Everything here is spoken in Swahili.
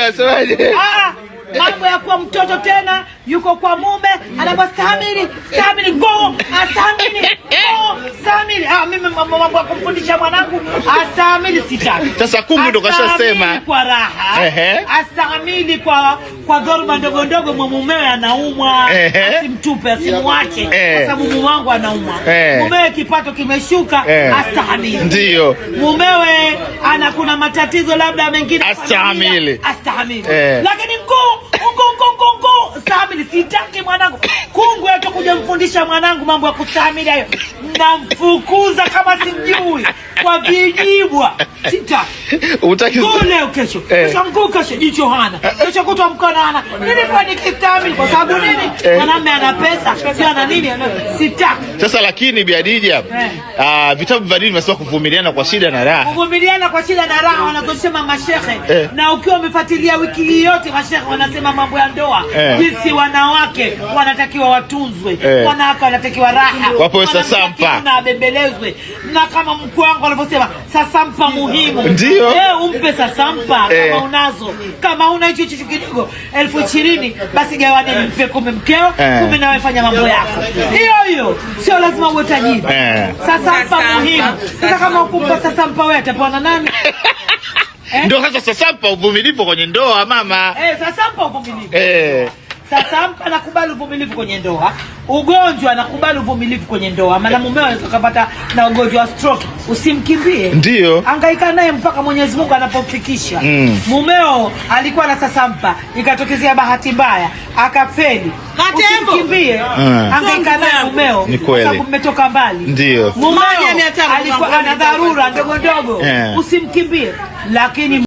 Anasemaje? Ah, mambo ya kuwa mtoto tena, yuko kwa mume, anakuwa stamili, stamili, go, stamili asamili. Ah, mimi mambo ya kumfundisha mwanangu asamili sitaki. Sasa kumbe ndo kashasema kwa raha. ehe, Asamili kwa kwa dhoruba ndogo ndogo, mumewe anaumwa, asimtupe asimwache, kwa sababu mume wangu anaumwa. Mumewe kipato kimeshuka, asamili. Ndio. Mumewe ana kuna matatizo labda mengine, asamili, asamili. Lakini mkuu, mkuu, mkuu, mkuu, asamili sitaki mfundisha mwanangu mambo ya kustahimili hayo, mnamfukuza kama simjui kule kwa vijibwa sita Utaki kwa leo kesho. Eh. Kesho mkuu kesho jicho hana. Eh. Kesho kutwa mkono hana. Nini kwa nikistami kwa sababu eh. nini? Mwanamume ana pesa, sio ana nini? sita Sasa lakini Bi Khadija, ah, vitabu vya dini vinasema kuvumiliana kwa shida na raha. Kuvumiliana kwa shida na raha wanasema mashehe. Na ukiwa umefuatilia wiki hii yote mashehe wanasema mambo ya ndoa. Jinsi wanawake wanatakiwa watunzwe. Wanawake wanatakiwa raha. Wapo sasa mpa. Na bembelezwe. Na kama mkwe wangu alivyosema sasampa muhimu, ndio eh, umpe sasampa eh. Kama unazo kama una hicho hicho kidogo elfu ishirini basi gawane, mpe kumi mkeo eh. kumi nawe fanya mambo yako hiyo hiyo, sio lazima uwe tajiri eh. Sasampa muhimu. Sasa kama ukumpa sasampa, wewe atapona nani? Eh? Ndio sasa sasampa, uvumilivu kwenye ndoa mama. Eh, sasampa uvumilivu. Eh. Sasa mtu anakubali uvumilivu kwenye ndoa, ugonjwa anakubali uvumilivu kwenye ndoa, maana mumeo anaweza kupata na ugonjwa wa stroke. Usimkimbie, ndio angaika naye mpaka Mwenyezi Mungu anapofikisha. Mm. Mumeo alikuwa na sasampa, ikatokezea bahati mbaya akafeli, usimkimbie, mm. angaika naye mumeo, sababu mmetoka mbali. Ndio mumeo alikuwa ana dharura ndogo ndogo, yeah. Usimkimbie lakini